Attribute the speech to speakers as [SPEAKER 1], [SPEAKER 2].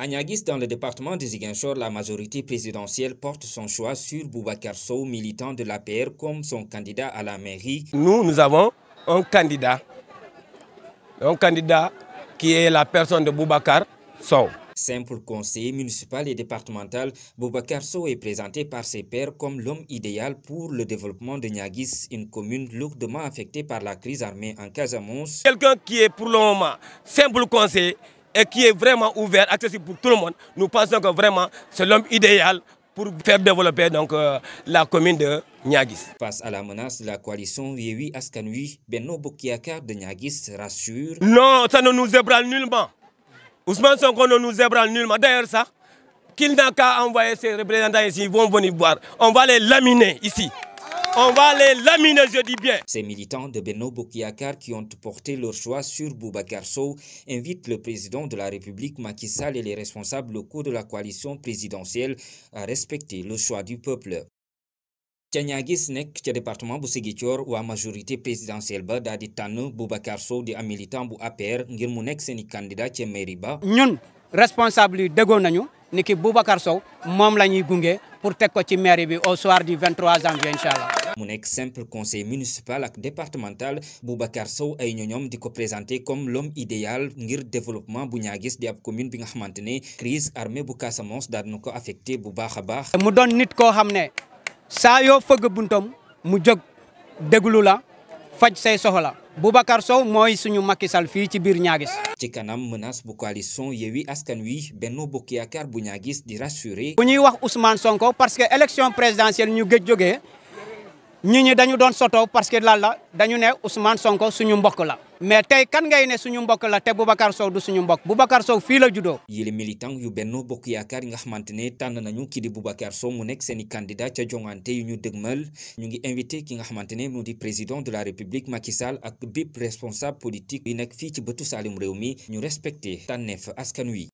[SPEAKER 1] À Niagis, dans le département de Ziguinchor, la majorité présidentielle porte son choix sur Boubacar Sow, militant de l'APR, comme son candidat à la mairie. Nous, nous avons un candidat, un candidat qui est la personne de Boubacar Sow. Simple conseiller municipal et départemental, Boubacar Sow est présenté par ses pairs comme l'homme idéal pour le développement de Niagis, une commune lourdement affectée par la crise armée en Casamance.
[SPEAKER 2] Quelqu'un qui est pour le moment simple conseiller et qui est vraiment ouvert, accessible pour tout le monde, nous pensons que vraiment c'est l'homme idéal pour faire développer donc, euh,
[SPEAKER 1] la commune de Niagis. Face à la menace, de la coalition Yewi Askanui Benno Bokiakar de Niagis rassure.
[SPEAKER 2] Non, ça ne nous ébranle nullement. Ousmane Sonko ne nous ébranle nullement. D'ailleurs, ça, qu'il n'a qu'à envoyer ses représentants ici, ils vont venir voir. On
[SPEAKER 1] va les laminer ici. On va les laminer, je dis bien. Ces militants de Beno Bokiakar qui ont porté leur choix sur Boubacar Sow invitent le président de la République Macky Sall et les responsables locaux de la coalition présidentielle à respecter le choix du peuple. ca Nek, gis département bu ou à majorité présidentielle ba d'Adi tano Boubacar Sow di am militant bu APR ngir mu candidat qui mairie ba ñun responsables de déggoo nañu ni Boubacar Sow nous la pour te ko mairie au soir du 23 janvier Inch'Allah mu nekk simple conseil municipal ak départemental Boubacar Sow ay ñoñoom di ko présenté comme l'homme idéal ngir développement bu ñaagis di ab commune bi nga crise armée bu Casamance daal na affecté bu Nous a baax. mu doon nit koo que nous saa yoo fëgg buntam mu jóg déglu la faj say soxla. Boubacar Sow moy suñu Macky Sall fii ci bir ñaagis. ci kanam menace bu coalition yewi Askan Wi Benno Bokk Yaakaar bu ñaagis di rassurer. bu ñuy wax Ousmane Sonko parce que élection présidentielle ñu gëj jógee. ñi ñi dañu doon soto parce que lan la dañu ne Ousmane Sonko suñu mbokk la mais tey kan ngay ne suñu mbokk la te Boubacar Sow du suñu mbokk Boubacar Sow fii la juddoo. yile militant yu Benno Bokk Yaakaar yi nga xamante ne tànn nañu kii di Boubacar Sow mu nekk seen i candidat ca jongante yu ñu dëgmal ñu ngi invité ki nga xamante ne mu di président de la République Macky Sall ak bépp responsable politique yi nekk fii ci bëtu Saalum réew mi ñu respecté tànneef askan wi.